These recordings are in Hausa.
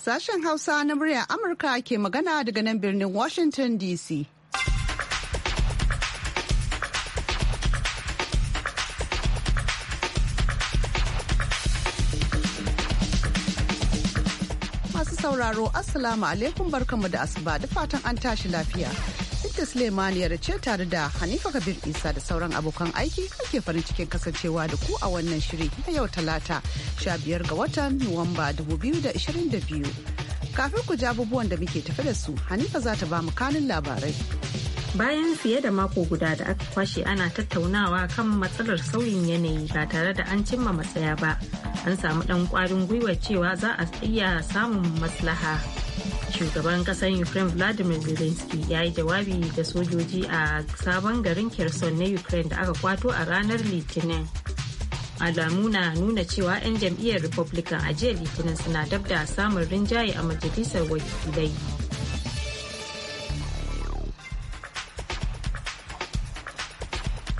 Sashen Hausa na murya Amurka ke magana daga nan birnin Washington DC. Masu sauraro, Assalamu alaikum barkanmu da asuba da fatan an tashi lafiya. binta sulemaniyar ce tare da hanifa kabir isa da sauran abokan aiki kake farin cikin kasancewa da ku a wannan shiri na yau talata 15 ga watan nuwamba 2022 kafin ku ja abubuwan da muke tafi da su hanifa za ta ba mu kanin labarai bayan fiye da mako guda da aka kwashe ana tattaunawa kan matsalar sauyin yanayi ba tare da an cimma matsaya ba an samu ɗan kwarin gwiwa cewa za a iya samun maslaha shugaban kasar ukraine vladimir zelensky ya yi jawabi da sojoji a sabon garin kherson na ukraine da aka kwato a ranar litinin alamu na nuna cewa 'yan jam'iyyar republican a jiya litinin suna dab da samun rinjaye a majalisar wakilai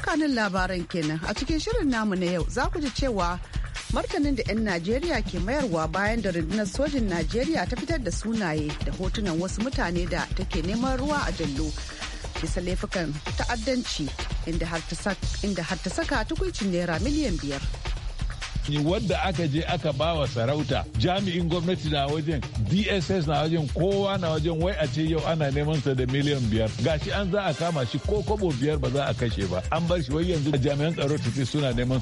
kanin labaran kenan a cikin shirin namu na yau za ku ji cewa martanin da 'yan najeriya ke mayarwa bayan da rundunar sojin najeriya ta fitar da sunaye da hotunan wasu mutane da take neman ruwa a jallo bisa laifukan ta'addanci inda har ta saka tukuicin naira miliyan biyar wadda aka je aka bawa sarauta jami'in gwamnati na wajen dss na wajen kowa na wajen wai a ce yau ana neman sa da miliyan biyar gashi an za a kama shi ko kobo biyar ba za a kashe ba an bar shi wai yanzu jami'an tsaro tafi suna neman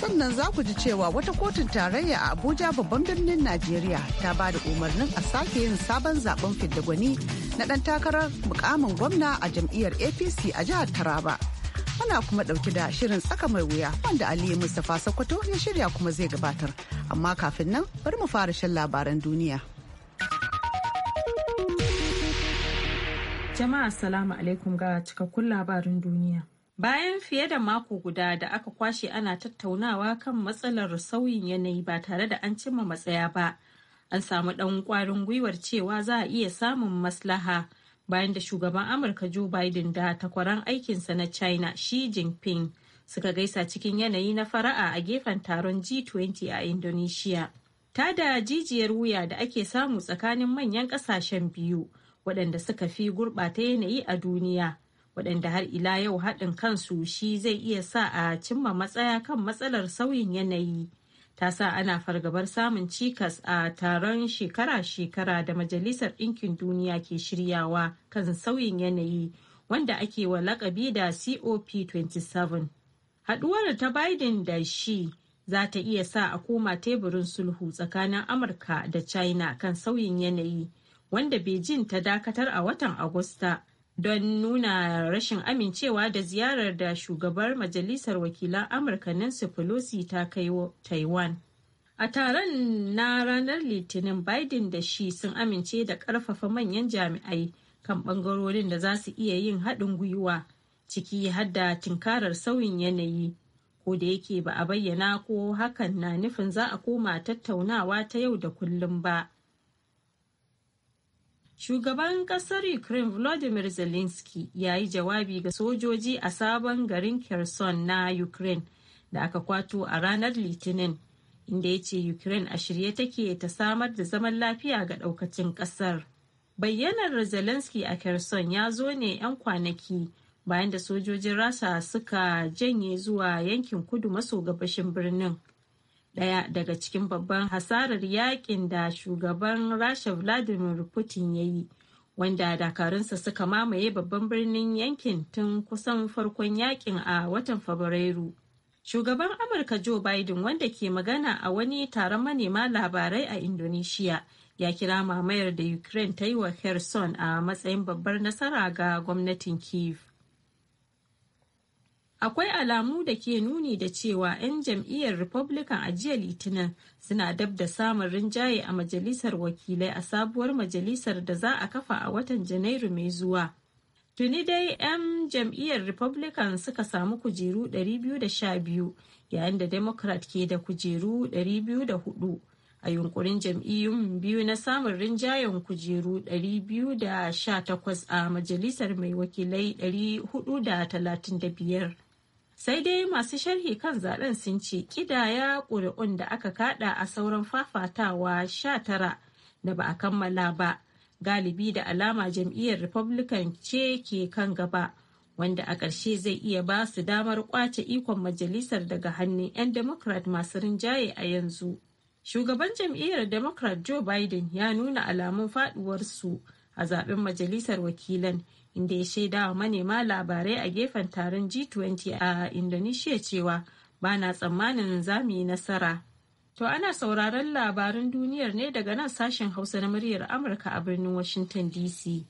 sannan za ku ji cewa wata kotun tarayya a abuja babban birnin najeriya ta ba da umarnin a sake yin sabon zaben gwani na dan takarar mukamin gwamna a jam'iyyar apc a jihar taraba ana kuma dauke da shirin tsaka mai wuya wanda aliyu mustapha sokoto ya shirya kuma zai gabatar amma kafin nan bari mu fara shan labaran duniya jama'a assalamu alaikum ga cikakkun labarin duniya Bayan fiye da mako guda da aka kwashe ana tattaunawa kan matsalar sauyin yanayi ba tare da an cimma matsaya ba, an samu ɗan ƙwarin gwiwar cewa za a iya samun maslaha bayan da shugaban Amurka Joe Biden da takwaran aikinsa na China Xi Jinping suka gaisa cikin yanayi na fara'a a gefen taron G20 a Indonesia. ta da jijiyar wuya da ake samu tsakanin manyan ƙasashen biyu waɗanda suka fi gurɓata yanayi a duniya waɗanda har ila yau haɗin kansu shi zai iya sa a cimma matsaya kan matsalar sauyin yanayi ta sa ana fargabar samun cikas a taron shekara-shekara da majalisar ɗinkin duniya ke shiryawa kan sauyin yanayi wanda ake wa lakabi da cop 27 haɗuwar ta biden da shi za ta iya sa a koma teburin sulhu tsakanin amurka da china kan sauyin yanayi wanda beijing ta dakatar a watan agusta don nuna rashin amincewa da ziyarar da shugabar majalisar wakilan amurka nancy pelosi ta kai taiwan a taron na ranar litinin biden da shi sun amince da karfafa manyan jami'ai kan bangarorin da za su iya yin haɗin gwiwa ciki hadda tinkarar sauyin yanayi ko da yake ba a bayyana ko hakan na nufin za a koma tattaunawa ta yau da kullum ba Shugaban kasar Ukraine Volodymyr Zelensky ya yi jawabi ga sojoji a sabon garin Kherson na Ukraine da aka kwato a ranar Litinin, inda ya ce Ukraine a shirye take ta samar da zaman lafiya ga daukacin kasar. Bayyanar Zelensky a Kherson ya zo ne 'yan kwanaki bayan da sojojin Rasha suka janye zuwa yankin kudu maso gabashin birnin. daya daga cikin babban hasarar yakin da shugaban rasha vladimir putin ya yi wanda dakarunsa suka mamaye babban birnin yankin tun kusan farkon yakin a watan fabrairu shugaban amurka joe biden wanda ke magana a wani taron manema labarai a indonesia ya kira mamayar da ukraine ta yi wa kherson a matsayin babbar nasara ga gwamnatin kiev akwai alamu da ke nuni da cewa 'yan jam'iyyar republican a jiya litinin suna dab da samun rinjaye a majalisar wakilai a sabuwar majalisar da za a kafa a watan janairu mai zuwa tuni dai 'yan jam'iyyar republican suka samu kujeru 212 yayin da democrat ke da kujeru 204 a yunkurin jam'iyyun biyu na samun rinjayen kujeru 218 a majalisar mai wakilai 435 sai dai masu sharhi kan zaben sun ce kidaya ƙuri'un da aka kada a sauran fafatawa sha tara da ba a kammala ba galibi da alama jam'iyyar republican ce ke kan gaba wanda a ƙarshe zai iya ba su damar kwace ikon majalisar daga hannun 'yan democrat masu rinjaye a yanzu shugaban jam'iyyar democrat joe biden ya nuna alamun faduwarsu a zaben majalisar wakilan inda ya shaida wa manema labarai a gefen taron G20 a Indonesia cewa ba na tsammanin za mu yi nasara. To ana sauraron labarin duniyar ne daga nan sashen Hausa na muryar Amurka a birnin Washington DC.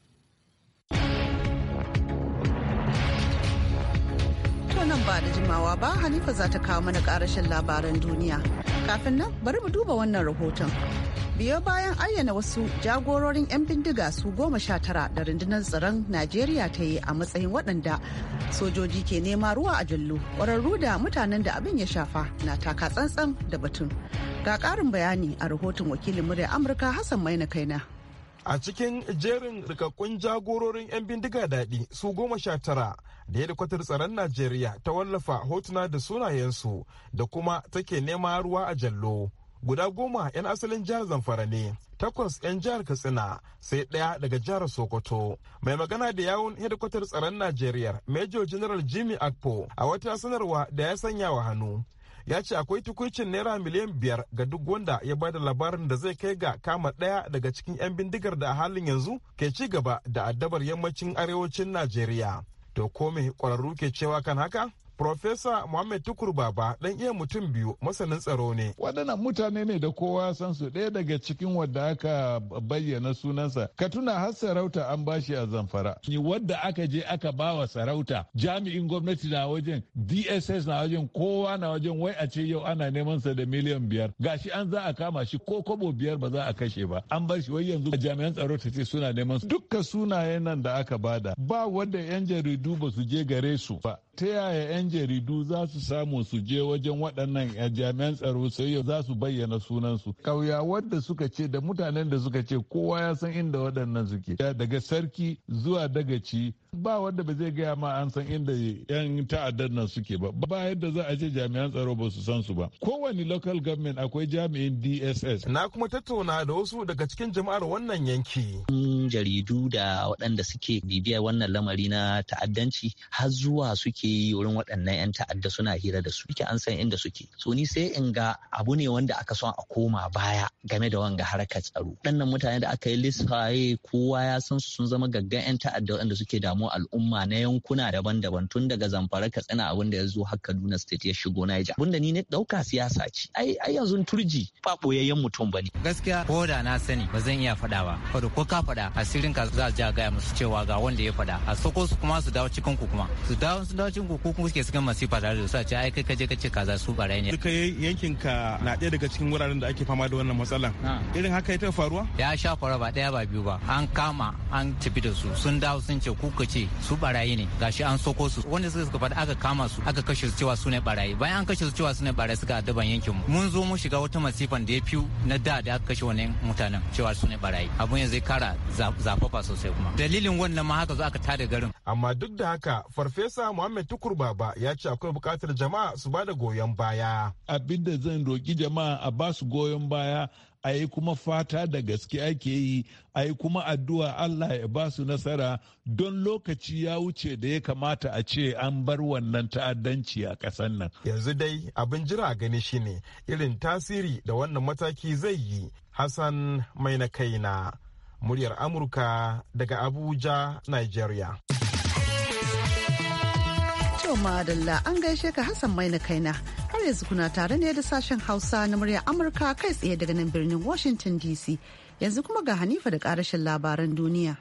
To nan ba da jimawa ba Hanifa za ta kawo mana karashin labaran duniya. Kafin nan bari mu duba wannan rahoton. biyo bayan ayyana wasu jagororin 'yan bindiga su goma sha tara da rundunar tsaron najeriya ta yi a matsayin waɗanda sojoji ke nema ruwa a Jallo ƙwararru da mutanen da abin ya shafa na taka tsantsan da batun ga ƙarin bayani a rahoton wakilin murya amurka hassan maina na. a cikin jerin rikakkun jagororin 'yan bindiga daɗi su goma sha tara da hedikwatar tsaron najeriya ta wallafa hotuna da sunayensu da kuma take nema ruwa a jallo guda goma 'yan asalin jihar zamfara ne takwas 'yan jihar katsina sai ɗaya daga jihar sokoto mai magana da yawun hedikwatar tsaron najeriya major general jimmy akpo a wata sanarwa da ya sanya wa hannu ya ce akwai tukuncin naira miliyan biyar ga duk wanda ya ba da labarin da zai kai ga kama ɗaya daga cikin 'yan bindigar da a halin yanzu ke ci gaba da addabar yammacin arewacin najeriya to ko ƙwararru kwararru ke cewa kan haka Profesa Muhammad Tukur Baba dan iya mutum biyu masanin tsaro ne. Waɗannan mutane ne da kowa san su ɗaya daga cikin wadda aka bayyana sunansa. Ka tuna har sarauta an bashi a zamfara. Ni wadda aka je aka bawa sarauta jami'in gwamnati na wajen DSS na wajen kowa na wajen wai a ce yau ana neman sa da miliyan biyar. Gashi an za a kama shi ko kobo biyar ba za a kashe ba. An bar wai yanzu jami'an tsaro ta ce suna neman dukka sunayen nan da aka bada ba wanda yan jaridu ba su je gare su ba. ta yaya 'yan jaridu za su samu su je wajen waɗannan jami'an tsaro sai za su bayyana sunansu ƙauya wadda suka ce da mutanen da suka ce kowa ya san inda waɗannan suke daga sarki zuwa dagaci ba wanda ba zai gaya ma an san inda 'yan ta'addar nan suke ba ba yadda za a ce jami'an tsaro ba su san su ba kowane local government akwai jami'in dss na kuma tattauna da wasu daga cikin jama'ar wannan yanki jaridu da waɗanda suke bibiyar wannan lamari na ta'addanci har zuwa suke yi eh, wurin waɗannan 'yan ta'adda suna hira da su ke an san inda suke so ni sai in ga abu ne wanda aka son a koma baya game da wanga harkar tsaro ɗannan mutane da aka yi lissaye kowa ya san sun zama gaggan 'yan ta'adda waɗanda suke damu al'umma na yankuna daban-daban tun daga zamfara katsina abin da ya zo har kaduna state ya shigo niger abin ni ne ɗauka siyasa ce ai ai yanzu turji ba ɓoyayyen mutum ba gaskiya ko da na sani ba zan iya faɗa ba kada ko ka faɗa asirin ka za a gaya musu cewa ga wanda ya faɗa a soko su kuma su dawo cikin ku kuma su dawo su dawo yawancin ko kuma suke sukan masifa tare da su a ce ai kai kaje je kaza su barayi ne duka yankin ka na ɗaya daga cikin wuraren da ake fama da wannan matsalan irin haka ya ta faruwa ya sha fara ba ɗaya ba biyu ba an kama an tafi da su sun dawo sun ce kuka ce su barayi ne gashi an soko su wanda suka suka faɗa aka kama su aka kashe su cewa su ne barayi bayan an kashe su cewa su ne barayi suka adaban yankin mu mun zo mu shiga wata masifan da ya fi na da da aka kashe wannan mutanen cewa su ne barayi abun yanzu zai kara zafafa sosai kuma dalilin wannan ma haka zo aka tada garin amma duk da haka farfesa muhammad tukur baba ya ce akwai bukatar jama'a su ba da goyon baya abin da zan roki jama'a a ba su goyon baya a yi kuma fata da gaske ake yi a yi kuma addu'a Allah ya ba su nasara don lokaci ya wuce da ya kamata a ce an bar wannan ta'addanci a ƙasar nan. Yanzu dai abin jira gani shine irin tasiri da wannan mataki zai yi Hassan mai na kaina muryar Amurka daga Abuja, Nigeria. yau madalla an gaishe ka Hassan Maina kaina har yanzu kuna tare ne da sashen Hausa na murya Amurka kai tsaye daga nan birnin Washington DC. Yanzu kuma ga Hanifa da karashin labaran duniya.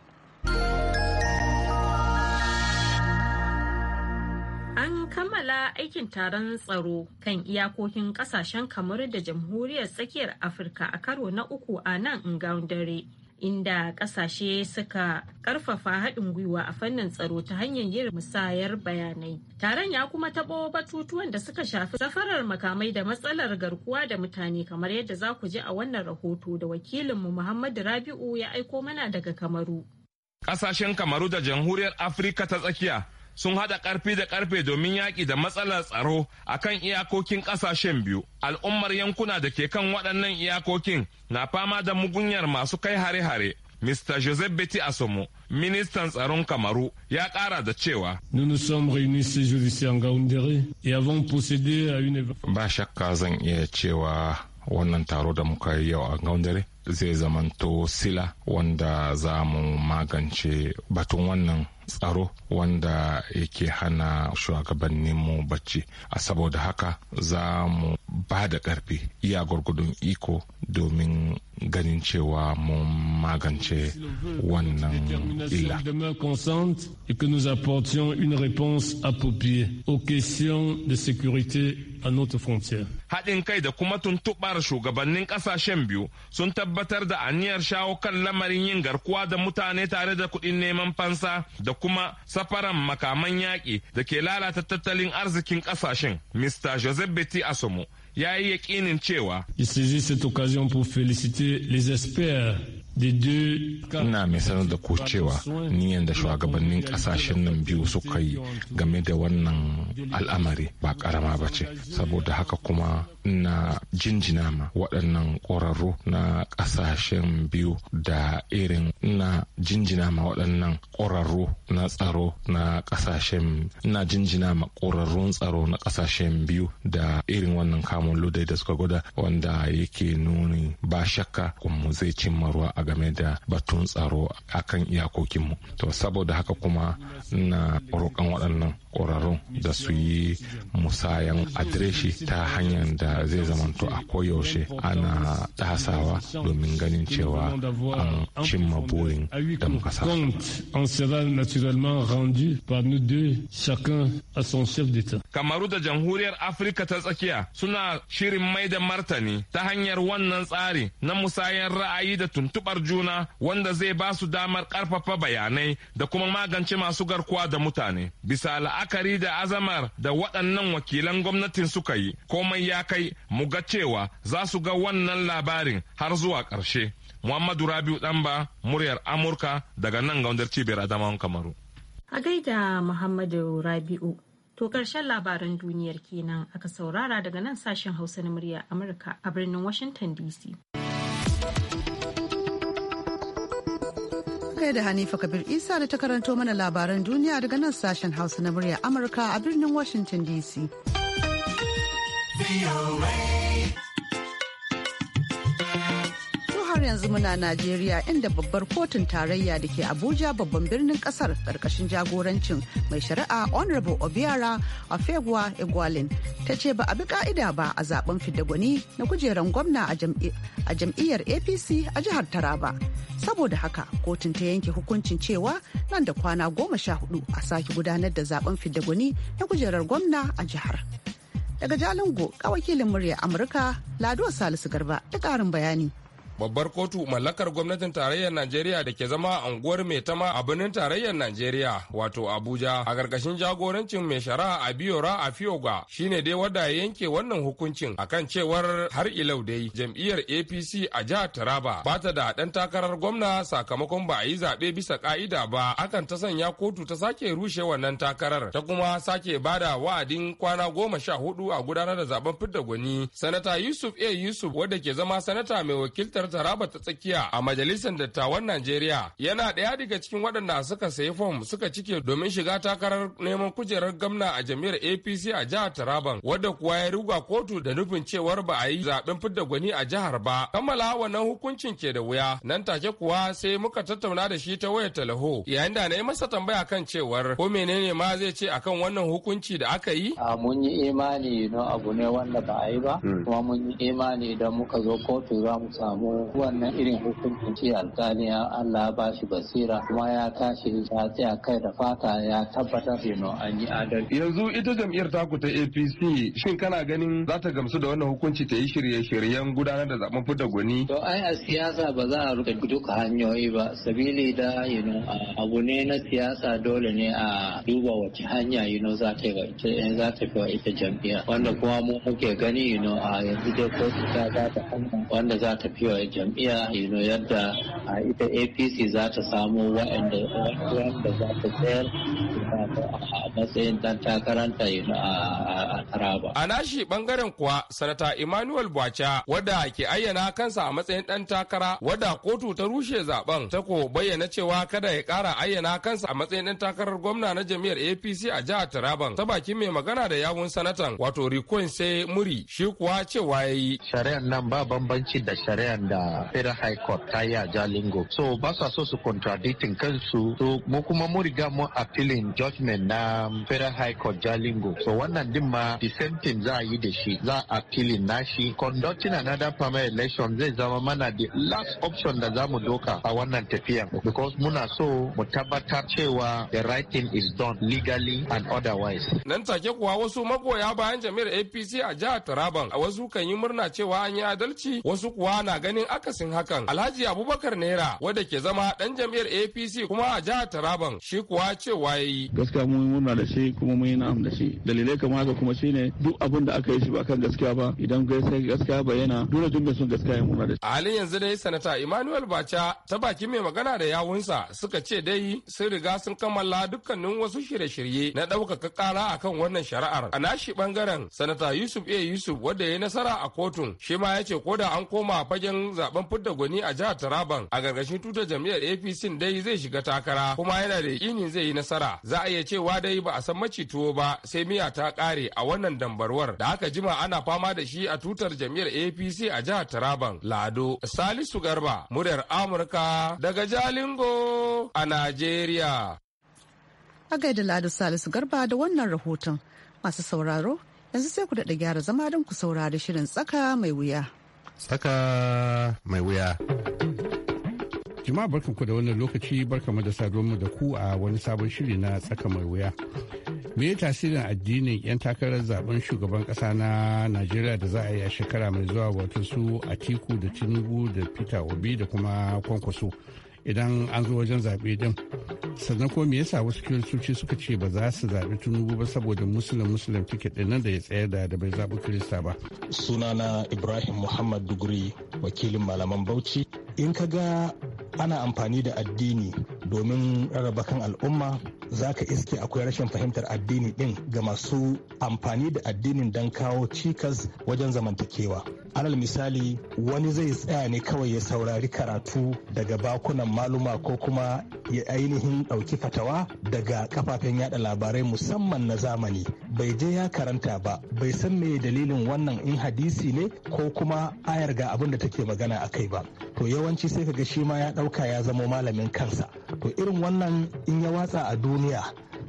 An kammala aikin taron tsaro kan iyakokin kasashen kamar da jamhuriyar tsakiyar Afirka a karo na uku a nan dare. inda kasashe suka karfafa haɗin gwiwa a fannin tsaro ta hanyar yin musayar bayanai. Taron ya kuma taɓo batutuwan da suka shafi safarar makamai da matsalar garkuwa da mutane kamar yadda za ku ji a wannan rahoto da wakilinmu Muhammadu Rabi'u ya aiko mana daga Kamaru. Ƙasashen Kamaru da Jamhuriyar Afirka ta tsakiya sun hada karfi da karfe domin yaƙi da matsalar tsaro a kan iyakokin ƙasashen biyu. Al'ummar yankuna da ke kan waɗannan iyakokin na fama da mugunyar masu kai hare-hare. Mr. Joseph Betty Asomo, ministan tsaron Kamaru, ya ƙara da cewa. Ba shakka zan iya cewa wannan taro da muka yi yau a Gaundare zai zamanto sila wanda za mu magance batun wannan tsaro wanda yake hana shugabanninmu bacci a saboda haka za mu ba da ƙarfi iya gwargwadon iko domin ganin cewa mun magance wannan illa. Haɗin kai da kuma tuntuɓar shugabannin ƙasashen biyu sun tabbatar tabbatar da aniyar shawo kan lamarin yin garkuwa da mutane tare da kuɗin neman fansa da kuma safaran makaman yaƙi da ke lalata tattalin arzikin ƙasashen. Mr. Joseph Betty Asomo ya yi yaƙinin cewa. Ina mai sanar da ku cewa niyan da shugabannin kasashen nan biyu suka yi game da wannan al'amari ba karama ba ce, saboda haka kuma na jinjina ma waɗannan ƙwararru na ƙasashen biyu da irin na jinjina ma waɗannan ƙwararru na tsaro na ƙasashen na jinjina ma ƙwararrun tsaro na ƙasashen biyu da irin wannan kamun ludai da suka gwada wanda yake nuni ba shakka kuma zai cimma ruwa a game da batun tsaro a kan iyakokinmu to saboda haka kuma na roƙon waɗannan ƙwararrun da su yi musayan adireshi ta hanyar da zai zamanto a koyaushe ana tasawa domin ganin cewa an cimma burin da muka sa. Kamaru da jamhuriyar Afirka ta tsakiya suna shirin mai da martani ta hanyar wannan tsari na musayar ra'ayi da tuntubar juna wanda zai ba su damar karfafa bayanai da kuma magance masu garkuwa da mutane. Bisa la'akari da azamar da waɗannan wakilan gwamnatin suka yi komai ya kai mu ga cewa za su ga wannan labarin har zuwa ƙarshe. Muhammadu Rabiu Ɗanba muryar Amurka daga nan gaundar cibiyar Adamawan Kamaru. A gaida Muhammadu Rabiu. To ƙarshen labaran duniyar kenan aka saurara daga nan sashen Hausa na muryar Amurka a birnin Washington DC. Kai da Hanifa Kabir Isa da ta karanto mana labaran duniya daga nan sashen Hausa na muryar Amurka a birnin Washington DC. har yanzu muna Najeriya inda babbar kotun tarayya da ke Abuja babban birnin kasar karkashin jagorancin mai shari'a Honorable Obiara Afegwa Egwalin ta ce ba a bi ka'ida ba a zaben fidagwani gwani na kujeran gwamna a jam'iyyar APC a jihar Taraba. Saboda haka kotun ta yanke hukuncin cewa nan da kwana goma sha hudu a sake gudanar da zaben fidagwani na kujerar gwamna a jihar. Daga Jalingo, ga wakilin murya Amurka, Lado Salisu Garba, da ƙarin bayani. babbar kotu mallakar gwamnatin tarayyar najeriya da ke zama a unguwar tama a birnin tarayyar najeriya wato abuja a ƙarƙashin jagorancin mai shari'a a afioga shine dai wadda ya yanke wannan hukuncin a kan cewar har ilau dai jam'iyyar apc a jihar taraba ba ta da ɗan takarar gwamna sakamakon ba a yi zaɓe bisa ƙa'ida ba akan ta sanya kotu ta sake rushe wannan takarar ta kuma sake bada wa'adin kwana goma sha hudu a gudanar da zaben fidda gwani sanata yusuf a yusuf wadda ke zama sanata mai wakiltar jihar Taraba ta tsakiya a majalisar dattawan Najeriya yana ɗaya daga cikin waɗanda suka sayi fom suka cike domin shiga takarar neman kujerar gwamna a jami'ar APC a jihar Taraban wadda kuwa ya ruga kotu da nufin cewar ba a yi zaben fidda gwani a jihar ba. Kammala wannan hukuncin ke da wuya nan take kuwa sai muka tattauna da shi ta wayar talaho yayin da na yi masa tambaya kan cewar ko menene ma zai ce akan wannan hukunci da aka yi? mun yi imani no abu ne wanda ba a yi ba hmm. kuma mun yi imani idan muka zo kotu za mu samu wannan irin hukuncin ce alkali Allah ba shi basira kuma ya tashi ya tsaya kai da fata ya tabbatar da an yi adalci. Yanzu ita jam'iyyar taku ta APC shin kana ganin za ta gamsu da wannan hukunci ta yi shirye-shiryen gudanar da zaben fita gwani? To ai a siyasa ba za a rufe duka hanyoyi ba sabili da yino abu ne na siyasa dole ne a duba wace hanya yino za ta za ta fi wa ita jam'iyya wanda kuma mu muke gani yino a yanzu dai kotu ta ta hanya wanda za ta fi wa jam'iyya yadda ita apc za ta samu waɗanda za ta tsayar a matsayin dan takaranta a taraba a nashi ɓangaren kuwa sanata emmanuel bwacha wadda ke ayyana kansa a matsayin dan takara wadda kotu ta rushe zaben ta ko bayyana cewa kada ya kara ayyana kansa a matsayin dan takarar gwamna na jam'iyyar apc a jihar taraban ta bakin mai magana da yawun sanatan wato rikon sai muri shi kuwa cewa ya yi shari'ar nan ba bambanci da shari'ar da da federal high court ta yi a jalingo so ba su so su contradicting kansu so mu kuma mu riga mu appealing judgment na federal high court jalingo so wannan din ma the same thing za a yi da shi za a appealing shi conducting another primary election zai zama mana the last option da za mu doka a wannan tafiyan because muna so mu tabbatar cewa the right thing is done legally and otherwise nan take kuwa wasu magoya bayan jami'ar APC a jihar Taraban a wasu kan yi murna cewa an yi adalci wasu kuwa na ganin akasin hakan Alhaji Abubakar Naira wanda ke zama dan jam'iyyar APC kuma a jihar Taraban shi kuwa cewa yayi. Gaskiya mu murna da shi kuma mun yi na'am da shi. Dalilai kamar haka kuma shine duk abin da aka yi shi ba kan gaskiya ba idan gaskiya bayyana dole duk sun gaskiya ya da shi. A halin yanzu dai sanata Emmanuel Bacha ta baki mai magana da yawunsa suka ce dai sun riga sun kammala dukkanin wasu shirye-shirye na ɗaukaka ƙara akan wannan shari'ar. A nashi bangaren sanata Yusuf A Yusuf wanda ya yi nasara a kotun shi ma ya ce ko da an koma fagen zaben fidda gwani a jihar Taraban a gargashin tutar jam'iyyar APC dai zai shiga takara kuma yana da yakinin zai yi nasara. Za a iya cewa dai ba a san tuwo ba sai miya ta kare a wannan dambarwar da aka jima ana fama da shi a tutar jam'iyyar APC a jihar Taraban. Lado Salisu Garba muryar Amurka daga Jalingo a Najeriya. A gaida Lado Salisu Garba da wannan rahoton masu sauraro yanzu sai ku daɗa gyara zama don ku saurari shirin tsaka mai wuya. Saka mai wuya. Jama'a barkanku da wannan lokaci barkanmu da saduwanmu da ku a wani sabon shiri na tsaka mai wuya. Me tasirin addinin 'yan takarar zaben shugaban kasa na Najeriya da za a yi a shekara mai zuwa wato su Atiku da Tinubu da Peter Obi da kuma Kwankwaso. idan an zo wajen zaɓe din sannan ko me yasa wasu kiristoci suka ce ba za su zaɓi tunubu ba saboda musulun musulun tiket ɗin nan da ya tsayar da da bai zaɓi kirista ba sunana ibrahim muhammad duguri wakilin malaman bauchi in ka ga ana amfani da addini domin rarraba kan al'umma za ka iske akwai rashin fahimtar addini din ga masu amfani da addinin don kawo cikas wajen zamantakewa alal misali wani zai tsaya ne kawai ya saurari karatu daga bakunan maluma ko kuma ya ainihin ɗauki fatawa daga kafafen yada labarai musamman na zamani bai je ya karanta ba bai san me dalilin wannan in hadisi ne ko kuma ayar ga abin da take magana a kai ba to yawan yawanci sai kaga shi ma ya ɗauka ya zama malamin kansa to irin wannan in ya watsa a duniya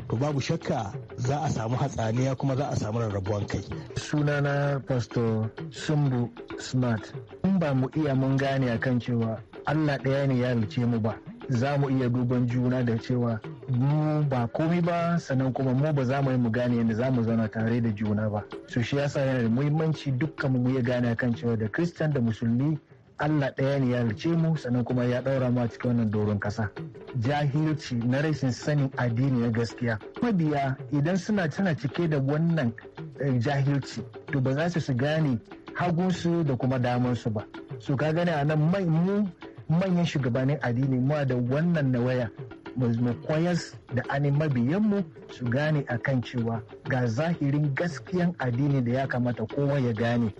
to babu shakka za a samu hatsaniya kuma za a samu rarrabuwan kai. Sunana Pastor Sumbu Smart. In ba mu iya mun gane akan cewa Allah ɗaya ne ya rice mu ba. Za mu iya duban juna da cewa mu ba komi ba sannan kuma mu ba za mu yi mu gane yadda za mu zauna tare da juna ba. So shi yasa yana da muhimmanci dukkan mu ya gane kan cewa da Kristan da Musulmi Allah ɗaya ne ya halice mu sannan kuma ya ɗaura mu a cikin wannan doron ƙasa. Jahilci na rashin sanin addini na gaskiya. Mabiya idan suna tana cike da wannan eh, jahilci to ba za su su gane hagunsu da kuma damansu ba. Su ka gane a nan mu manyan shugabannin addini mu da wannan waya mu koyas da ani mabiyanmu su gane akan cewa ga zahirin gaskiyan addini da ya kamata kowa ya gane.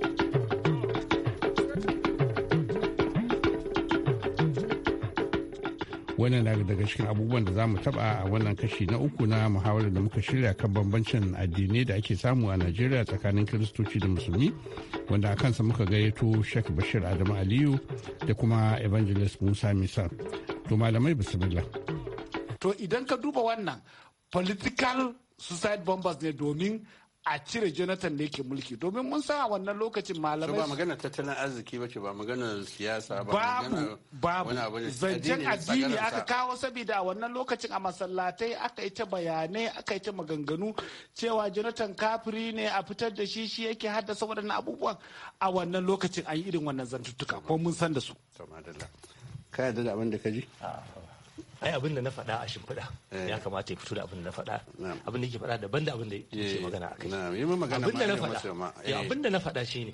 wannan na daga cikin abubuwan da za mu taba a wannan kashi na uku na muhawarar da muka shirya kan bambancin addinai da ake samu a najeriya tsakanin kiristoci da musulmi wanda a kansa muka gayyato sheikh bashir adamu aliyu da kuma evangelist musa misa to malamai bismillah to idan ka duba wannan political suicide bombers ne domin a cire jonathan da yake mulki domin mun san a wannan lokacin malamai ba magana tattalin arziki ba ce ba magana siyasa ba babu babu zancen addini aka kawo saboda a wannan lokacin a masallatai aka yi ta bayanai aka yi ta maganganu cewa jonathan kafiri ne a fitar da shi shi yake haddasa waɗannan abubuwan a wannan lokacin an yi irin wannan zantuttuka ko mun san da su kai da abin da ka ji ah, ai abin da na faɗa a shimfiɗa eh. ya kamata ya fito da abin da na faɗa abin da yake faɗa daban da abin da yake eh, magana a kai eh. abin da na faɗa abin da na faɗa shi ne.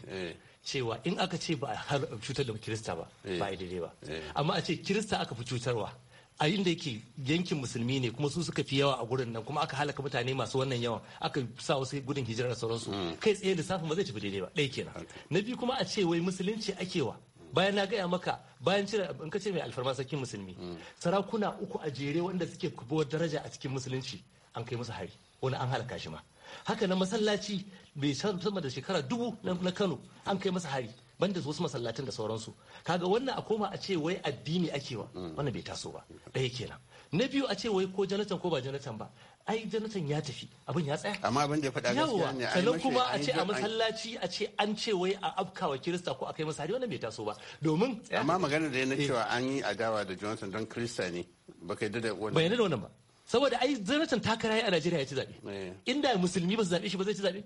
cewa in aka ce ba a cutar da kirista ba ba a ba amma a ce kirista aka fi cutarwa a inda yake yankin musulmi ne kuma su suka fi yawa a gurin nan kuma aka halaka mutane masu wannan yawan aka sa wasu gudun hijirar sauransu mm. kai tsaye da safin ba zai tafi daidai ba ɗaya kenan na biyu kuma a ce wai musulunci ake wa bayan na gaya maka bayan cire in ka ce mai alfarma sarkin musulmi sarakuna uku a jere wanda suke kubuwar daraja a cikin musulunci an kai musu hari wani an halaka shi ma haka na masallaci bai sama da shekara dubu na kano an kai masa hari banda wasu masallatin da sauransu kaga wannan a koma a ce wai addini ake wa mm. wannan bai taso ba ɗaya kenan na biyu a ce wai ko janatan ko ba janatan ba ai jonathan ya tafi abin ya tsaya amma abin da ya faɗa gaskiya ne sannan kuma a ce a masallaci a ce an ce wai a afkawa kirista ko akai masari wannan bai taso ba domin amma magana da yana eh. cewa an yi adawa da jonathan don kirista ne baka yadda da wannan bai yadda da wannan ba saboda ai zanatan takara a Najeriya ya ci zaɓe eh. inda musulmi ba su zaɓe shi ba zai ci zaɓe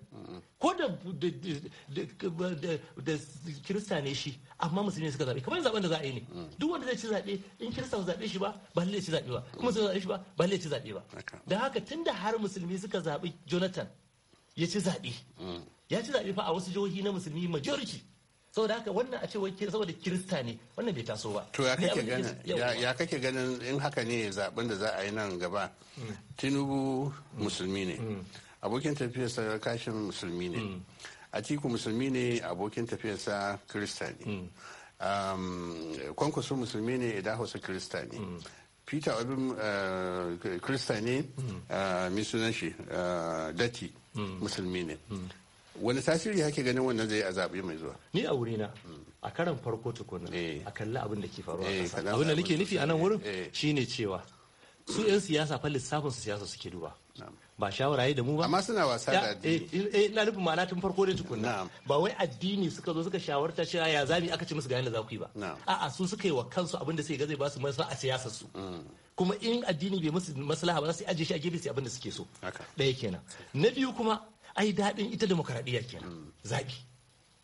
ko da da kirista ne shi amma musulmi suka zaɓe kamar zaɓen da za a yi ne mm. duk wanda zai ci zaɓe in kirista ba zaɓe shi ba ba lalle ci zaɓe ba kuma zai zaɓe shi ba ba lalle ci zaɓe ba da haka tunda har musulmi suka zaɓe Jonathan ya ci zaɓe mm. ya ci zaɓe fa a wasu jihohi na musulmi majority saboda haka wannan a ce wai saboda kirista ne wannan bai taso ba to ya kake ganin ganin in haka ne zaben da za a yi nan gaba mm. tinubu musulmi ne mm. abokin tafiyarsa kashin musulmi ne mm. atiku musulmi ne abokin tafiyarsa kirista ne um, kwankwaso musulmi ne idan hausa kirista ne peter obin uh, kirista ne uh, mai sunan shi uh, dati musulmi ne wani tasiri hake ganin wannan zai a zaɓe mai zuwa ni a wurina mm. a karan farko tukuna eh. a kalli abin da ke faruwa a kasa, eh, abin da nake nufi a nan wurin eh. shine cewa su 'yan siyasa fa lissafin su siyasa suke duba ba shawara yi da mu ba amma suna wasa da addini eh ina nufin ma'ana tun farko ne tukunna ba wai addini suka zo suka shawarta cewa ya zami aka ci musu ga yanda za ku yi ba a'a su suka yi wa kansu abin da sai ga zai ba su maslaha a siyasar su mm. kuma in addini bai musu maslaha ba za su aje shi a gefe sai abin da suke so daya kenan na biyu kuma ai daɗin ita ke kenan zaɓi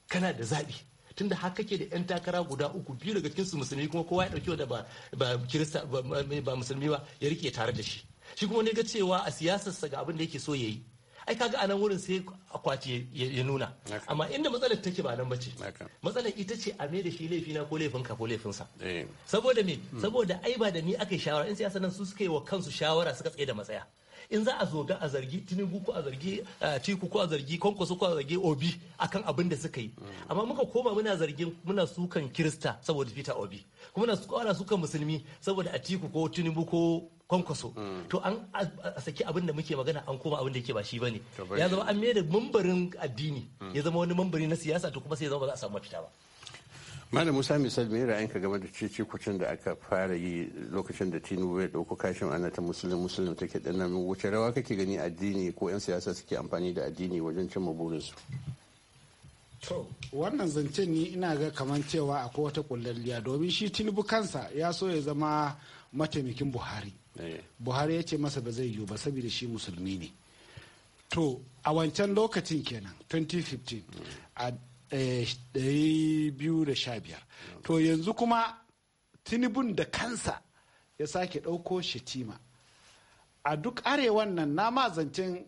kana da zaɓi tunda haka ke da 'yan takara guda uku biyu daga cikin musulmi kuma kowa ya ɗauki wanda ba kirista ba musulmi ba ya rike tare da shi shi kuma ne ga cewa a siyasarsa ga abin da yake so ya yi ai kaga a nan wurin sai akwati ya nuna amma inda matsalar take ba nan bace matsalar ita ce a da shi laifina ko laifin ka ko laifin sa eh. saboda me hmm. saboda ai ba da ni aka shawara in siyasa nan su suka yi wa kansu shawara suka tsaye da matsaya in za a zoga a zargi tinubu ko a zargi eh, tiku ko a zargi kwankwaso ko a zargi obi akan abin da suka yi amma muka koma muna zargin muna sukan kirista saboda peter obi kuma muna sukan musulmi saboda a Tiku ko tinubu ko kwankwaso to an saki abin da muke magana an koma abin da yake ba shi bane ya zama an mai da mambarin addini ya zama wani mambari na siyasa to kuma sai ya zama ba za a samu mafita ba malam musa misal me ra'ayinka game da cece da aka fara yi lokacin da tinubu ya dauko kashin ana ta musulun musulun take dinnan wace rawa kake gani addini ko 'yan siyasa suke amfani da addini wajen cimma burinsu to wannan zancen ni ina ga kamar cewa akwai wata kullalliya domin shi tinubu kansa ya so ya zama mataimakin buhari eh. buhari ya ce masa ba zai yiwu ba saboda shi musulmi ne to a wancan lokacin kenan 2015 Eh, biyar. to yanzu kuma tinubun da kansa ya sake ɗauko shitima a duk arewan nan na mazancin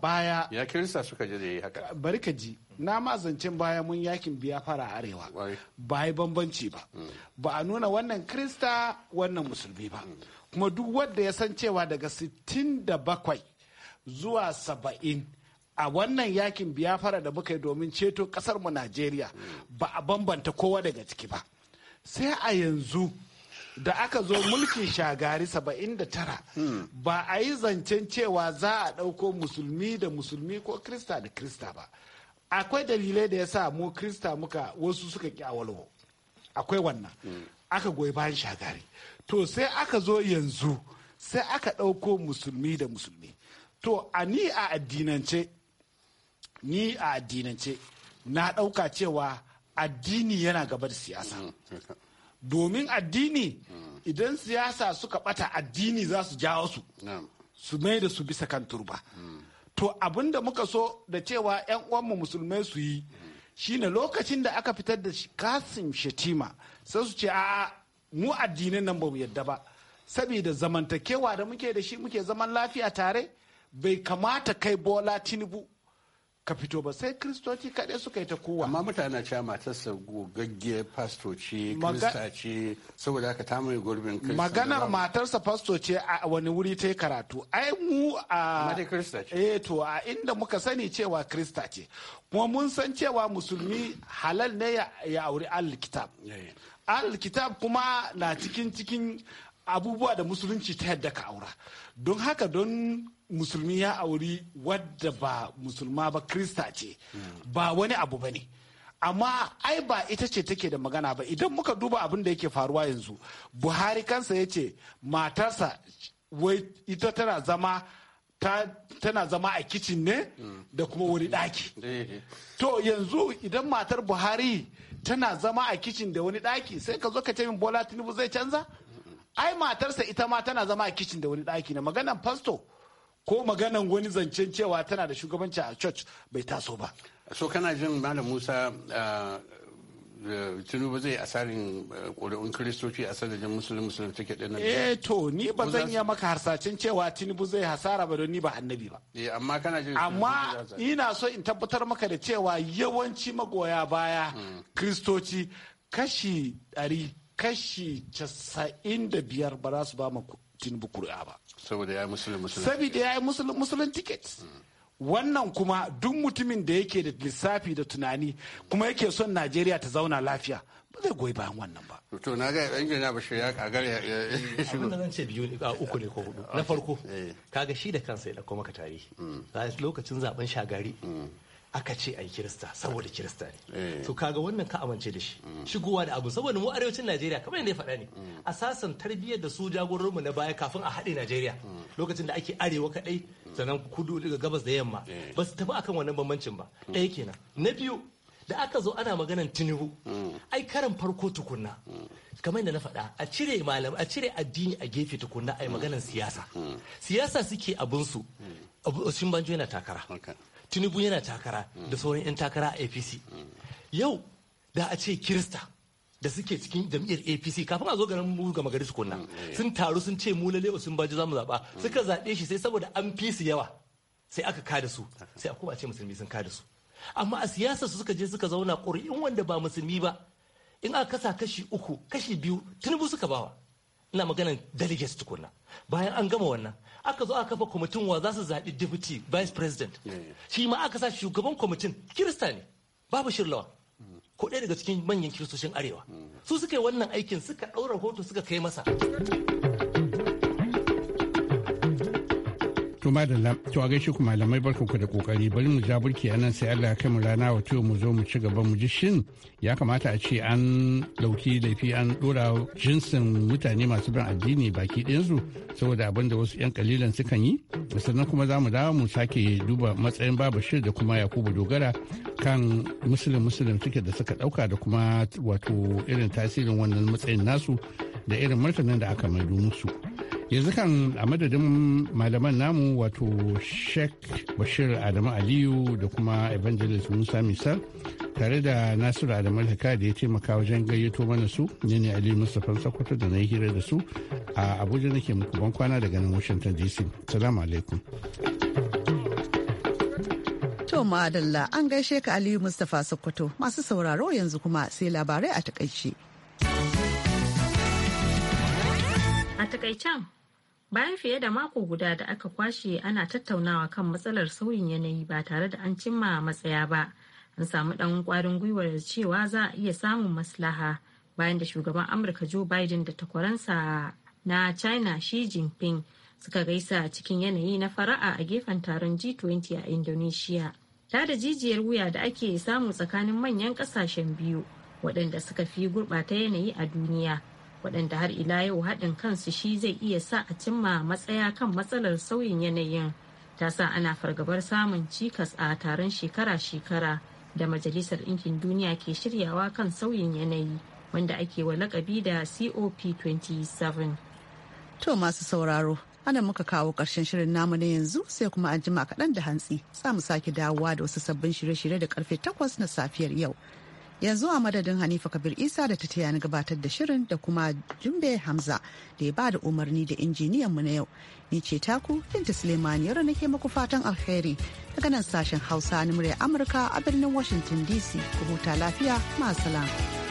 baya ya kirista suka je da yi haka bari ka ji na mazancin baya mun yakin biya fara arewa ba yi bambanci ba mm. ba a nuna wannan kirista wannan musulmi ba mm. kuma duk wadda ya san cewa daga 67 zuwa 70 a wannan yakin biyafara da muka yi domin ceto mu najeriya ba a bambanta kowa daga ciki ba sai a yanzu da aka zo mulkin shagari 79 ba a yi zancen cewa za a ɗauko musulmi da musulmi ko krista da krista ba akwai dalilai da ya sa mu krista muka wasu suka ki a akwai wannan aka goyi bayan shagari to sai aka zo yanzu sai aka ɗauko musulmi da musulmi to a ni a addinance ni a addinance na ɗauka cewa addini yana gaba da siyasa mm. domin addini idan siyasa suka bata addini za su jawo su su mai da su bisa kan turba to abin da muka so da cewa 'yan uwanmu musulmai su yi shine lokacin da aka fitar da kasim shetima sai su ce a mu addinin nan ba mu yadda ba saboda zamantakewa da muke da shi muke zaman lafiya tare bai kamata kai bola tinubu ka fito ba sai kristoci kaɗai suka yi ta kowa amma mutane cewa matarsa gogagge pastoci ce krista ce saboda haka ta mai gurbin krista maganar matarsa pasto ce a wani wuri ta yi karatu ai mu a eh to a inda muka sani cewa krista ce kuma mun san cewa musulmi halal ne ya auri alkitab eh. alkitab kuma na cikin cikin abubuwa da musulunci ta yadda ka aura don haka don musulmi ya auri wadda ba musulma ba krista ce ba wani abu ba ne amma ai ba ita ce take da magana ba idan muka duba abin da yake faruwa yanzu buhari kansa ya ce matarsa wai ita tana zama ta, tana zama a kicin ne da kuma wani daki to yanzu idan matar buhari tana zama a kicin da wani daki sai ka zo ka ce min bola tinubu zai canza ai matarsa ita ma tana zama a kicin da wani ɗaki na maganan fasto ko maganan wani zancen cewa tana da shugabanci a church bai taso ba so kana jin malam musa uh, uh, tinubu zai asarin uh, ƙuri'un kiristoci a sanadin musulun musulun take ɗin nan eh to ni ba zan iya maka harsashen cewa tinubu zai hasara ba don ni ba annabi ba eh, amma kana jin amma ina so in tabbatar maka da cewa yawanci magoya baya hmm. kiristoci kashi ɗari kashi casa'in da biyar ba za su ba ma tinubu kuri'a ba saboda ya yi musulun musulun saboda ya yi musulun musulun ticket wannan kuma duk mutumin da yake da lissafi da tunani kuma yake son najeriya ta zauna lafiya ba zai goyi bayan wannan ba. To na ga yan ba bashir ya kagar ya shigo. Abin da zan ce biyu a uku ne ko hudu. Na farko eh. kaga shi da kansa ya dauko maka tarihi. Mm. Lokacin zaben shagari. Mm. aka ce a yi kirista saboda kirista ne eh. to kaga wannan ka amince da shi mm. shigowa da abu saboda mu arewacin najeriya kamar yadda ya faɗa ne mm. a sasan tarbiyyar da su jagororinmu na baya kafin a haɗe najeriya mm. lokacin da ake arewa kaɗai sannan kudu daga gabas da yamma eh. ba su tafi akan wannan bambancin ba ɗaya kenan na biyu da aka zo ana maganan tinubu ai karan farko tukunna kamar yadda na faɗa a cire malam a cire addini a gefe tukunna ai maganan siyasa siyasa suke abinsu shin banjo yana takara tinubu yana takara da sauran 'yan takara a apc yau da a ce kirista da suke cikin jam'iyyar apc kafin a zo garin mu ga magari su kunna mm, eh. sun taru sun ce mu lewa sun baji za mu zaɓa mm. suka zaɓe shi sai saboda an fi su yawa sai aka kada su sai a kuma ce musulmi sun kada su amma a siyasa su suka je suka zauna ƙuri'in wanda ba musulmi ba in aka kasa kashi uku kashi biyu tinubu suka bawa ina maganan delegates tukuna bayan an gama wannan aka zo aka kafa kwamitin wa za su zaɓi deputy vice president eh. shi ma aka sa shugaban kwamitin kirista ne babu shirlawa ko ɗaya daga cikin manyan kiristocin arewa mm. su suka yi wannan aikin suka ɗaura hoto suka kai masa To madalla, to a gaishe ku malamai ku da kokari bari mu ja burki a nan sai Allah ya kai mu rana wato mu zo mu ci gaba mu ji shin ya kamata a ce an dauki laifi an dora jinsin mutane masu bin addini baki ɗinsu saboda abin da wasu 'yan kalilan sukan yi sannan kuma za mu dawo mu sake duba matsayin babu shir da kuma yakubu dogara kan musulun musulun suke da suka dauka da kuma wato irin tasirin wannan matsayin nasu da irin martanin da aka mai musu. yanzu kan a madadin malaman namu wato sheikh bashir adamu aliyu da kuma evangelist musa misal tare da nasiru adamu alhaka da ya taimaka wajen gayyato mana su ne ne ali mustapha sakwato da na yi hira da su a abuja nake muku kwana daga nan washington dc salamu alaikum to madalla an gaishe ka aliyu mustapha sokoto masu sauraro yanzu kuma sai labarai a takaice a takaicen bayan fiye da mako guda da aka kwashe ana tattaunawa kan matsalar sauyin yanayi ba tare da an cimma matsaya ba an samu ɗan kwarin gwiwar cewa za a iya samun maslaha bayan da shugaban amurka joe biden da takwaransa na china xi jinping suka gaisa cikin yanayi na fara'a a gefen taron g20 a indonesia ta da jijiyar wuya da ake samu tsakanin manyan kasashen biyu waɗanda suka fi gurɓata yanayi a duniya waɗanda har ila yau haɗin kansu shi zai iya sa a cimma matsaya kan matsalar sauyin yanayin ta sa ana fargabar samun cikas a taron shekara-shekara da majalisar ɗinkin duniya ke shiryawa kan sauyin yanayi wanda ake wa lakabi da cop 27 to masu sauraro ana muka kawo karshen shirin namu na yanzu sai kuma an jima kaɗan da hantsi samu sake dawowa da wasu sabbin shirye-shirye da karfe 8 na safiyar yau yanzu a madadin hanifa kabir isa da ta taya na gabatar da shirin da kuma jumbe hamza da ya bada umarni da injiniyan mu na yau ni ce taku binta suleiman yaro nake muku fatan alheri daga nan sashen hausa na murya amurka a birnin washington dc ku huta lafiya ma'a